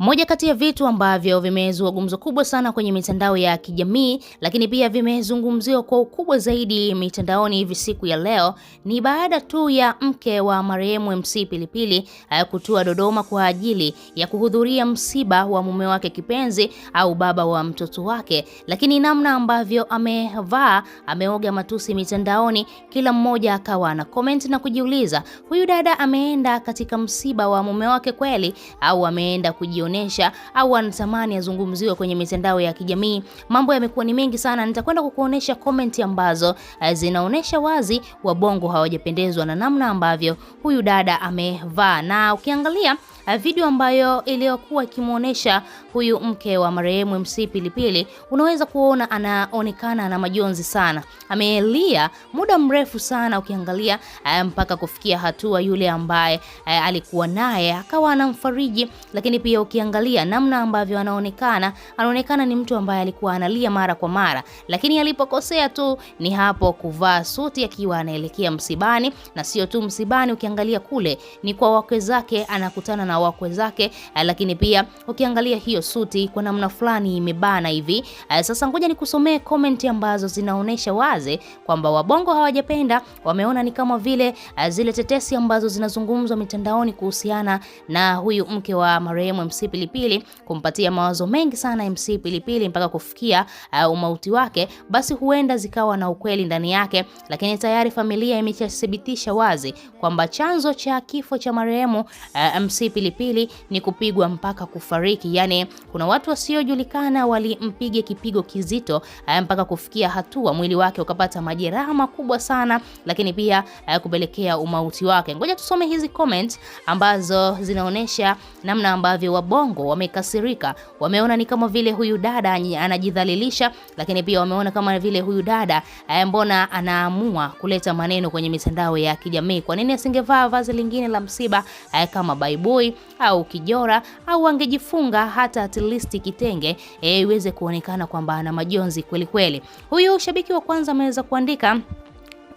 Moja kati ya vitu ambavyo vimezua gumzo kubwa sana kwenye mitandao ya kijamii lakini pia vimezungumziwa kwa ukubwa zaidi mitandaoni hivi siku ya leo ni baada tu ya mke wa marehemu MC Pilipili eh, kutua Dodoma kwa ajili ya kuhudhuria msiba wa mume wake kipenzi au baba wa mtoto wake, lakini namna ambavyo amevaa ameoga matusi mitandaoni, kila mmoja akawa na comment na kujiuliza, huyu dada ameenda katika msiba wa mume wake kweli au ameenda kujiona anayoonyesha au anatamani azungumziwe kwenye mitandao ya kijamii. Mambo yamekuwa ni mengi sana, nitakwenda kukuonesha comment ambazo eh, zinaonesha wazi wabongo hawajapendezwa na namna ambavyo huyu dada amevaa, na ukiangalia eh, video ambayo iliyokuwa ikimwonyesha huyu mke wa marehemu MC Pilipili, unaweza kuona anaonekana na majonzi sana, amelia muda mrefu sana, ukiangalia eh, mpaka kufikia hatua yule ambaye alikuwa naye akawa anamfariji, lakini pia uki ukiangalia namna ambavyo anaonekana, anaonekana ni mtu ambaye alikuwa analia mara kwa mara, lakini alipokosea tu ni hapo kuvaa suti akiwa anaelekea msibani. Na sio tu msibani, ukiangalia kule ni kwa wakwe zake, anakutana na wakwe zake, eh, lakini pia ukiangalia hiyo suti kwa namna fulani imebana hivi. Eh, sasa ngoja nikusomee komenti ambazo zinaonyesha wazi kwamba wabongo hawajapenda, wameona ni kama vile eh, zile tetesi ambazo zinazungumzwa mitandaoni kuhusiana na huyu mke wa marehemu MC Pilipili kumpatia mawazo mengi sana MC Pilipili mpaka kufikia uh, umauti wake, basi huenda zikawa na ukweli ndani yake, lakini tayari familia imeshathibitisha wazi kwamba chanzo cha kifo cha marehemu uh, MC Pilipili ni kupigwa mpaka kufariki. Yani kuna watu wasiojulikana walimpiga kipigo kizito uh, mpaka kufikia hatua mwili wake ukapata majeraha makubwa sana, lakini pia uh, kupelekea umauti wake. Ngoja tusome hizi comment ambazo zinaonesha namna ambavyo Bongo wamekasirika, wameona ni kama vile huyu dada anajidhalilisha, lakini pia wameona kama vile huyu dada eh, mbona anaamua kuleta maneno kwenye mitandao ya kijamii. Kwa nini asingevaa vazi lingine la msiba eh, kama baibui au kijora au angejifunga hata at least kitenge eh, iweze kuonekana kwamba ana majonzi kweli kweli. Huyu shabiki wa kwanza ameweza kuandika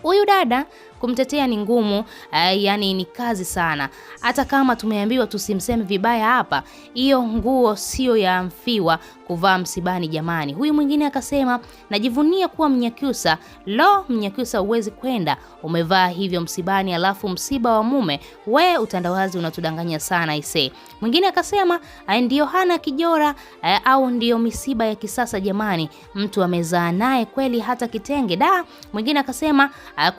huyu dada kumtetea ni ngumu, eh, yani ni kazi sana. Hata kama tumeambiwa tusimseme vibaya hapa, hiyo nguo sio ya mfiwa kuvaa msibani jamani. Huyu mwingine akasema, najivunia kuwa Mnyakyusa. Lo, Mnyakyusa huwezi kwenda umevaa hivyo msibani, alafu msiba wa mume. We utandawazi unatudanganya sana ise. Mwingine akasema ndio hana kijora a, eh, au ndio misiba ya kisasa jamani, mtu amezaa naye kweli hata kitenge da. Mwingine akasema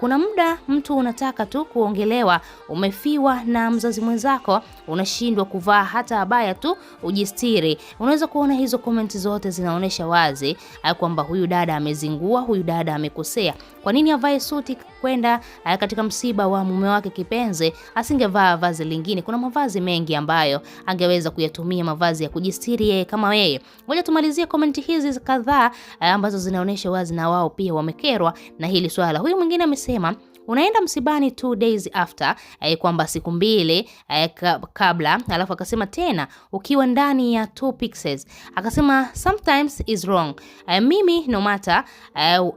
kuna muda mtu unataka tu kuongelewa, umefiwa na mzazi mwenzako, unashindwa kuvaa hata abaya tu ujistiri. Unaweza kuona hizo komenti zote zinaonyesha wazi eh, kwamba huyu dada amezingua, huyu dada amekosea. Kwa nini avae suti kwenda eh, katika msiba wa mume wake kipenzi? Asingevaa vazi lingine. Kuna mavazi mengi ambayo angeweza kuyatumia, mavazi ya kujistiri yeye kama yeye. Ngoja tumalizie komenti hizi kadhaa eh, ambazo zinaonyesha wazi na wao pia wamekerwa na hili swala. Huyu mwingine amesema unaenda msibani two days after, eh, kwamba siku mbili eh, kabla. Alafu akasema tena ukiwa ndani ya two pixels, akasema sometimes is wrong. Eh, mimi no matter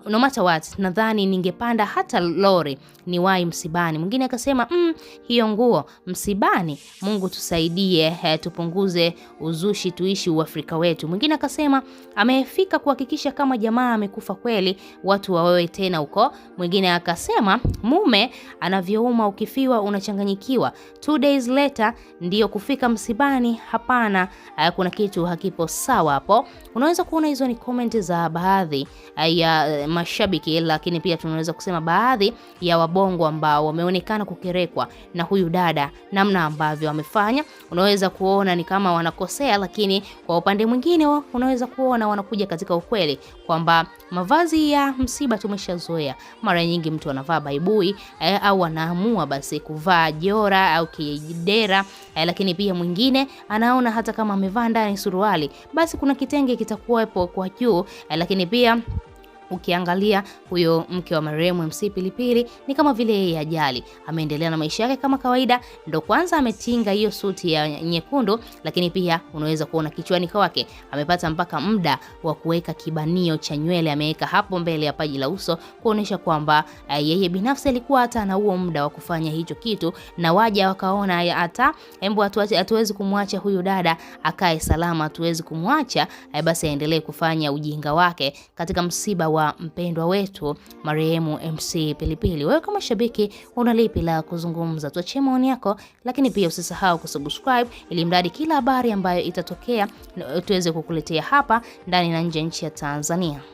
no matter what, nadhani ningepanda hata lori ni wai msibani. Mwingine akasema mm, hiyo nguo msibani. Mungu tusaidie, tupunguze uzushi, tuishi uafrika wetu. Mwingine akasema amefika kuhakikisha kama jamaa amekufa kweli, watu wawewe tena huko. Mwingine akasema Mume anavyouma ukifiwa unachanganyikiwa. Two days later ndiyo kufika msibani. Hapana, eh, kuna kitu hakipo sawa hapo. Unaweza kuona hizo ni comment za baadhi eh, ya eh, mashabiki, lakini pia tunaweza kusema baadhi ya wabongo ambao wameonekana kukerekwa na huyu dada, namna ambavyo amefanya. Unaweza kuona ni kama wanakosea, lakini kwa upande mwingine unaweza kuona wanakuja katika ukweli kwamba mavazi ya msiba tumeshazoea, mara nyingi mtu anavaa baibu asubuhi eh, au anaamua basi kuvaa jora au kidera eh, lakini pia mwingine anaona hata kama amevaa ndani suruali basi kuna kitenge kitakuwepo kwa juu eh, lakini pia Ukiangalia huyo mke wa marehemu MC Pilipili ni kama vile yeye ajali, ameendelea na maisha yake kama kawaida, ndo kwanza ametinga hiyo suti ya nyekundu, lakini pia unaweza kuona kichwani kwake amepata mpaka muda wa kuweka kibanio cha nywele, ameweka hapo mbele ya paji la uso kuonesha kwamba eh, yeye binafsi alikuwa hata ana huo muda wa kufanya hicho kitu, na waja wakaona hata embu hatuwezi kumwacha huyu dada akae salama, hatuwezi kumwacha eh, basi aendelee kufanya ujinga wake katika msiba wa mpendwa wetu marehemu MC Pilipili. Wewe kama shabiki una lipi la kuzungumza? Tuachie maoni yako, lakini pia usisahau kusubscribe ili mradi kila habari ambayo itatokea tuweze kukuletea hapa ndani na nje ya nchi ya Tanzania.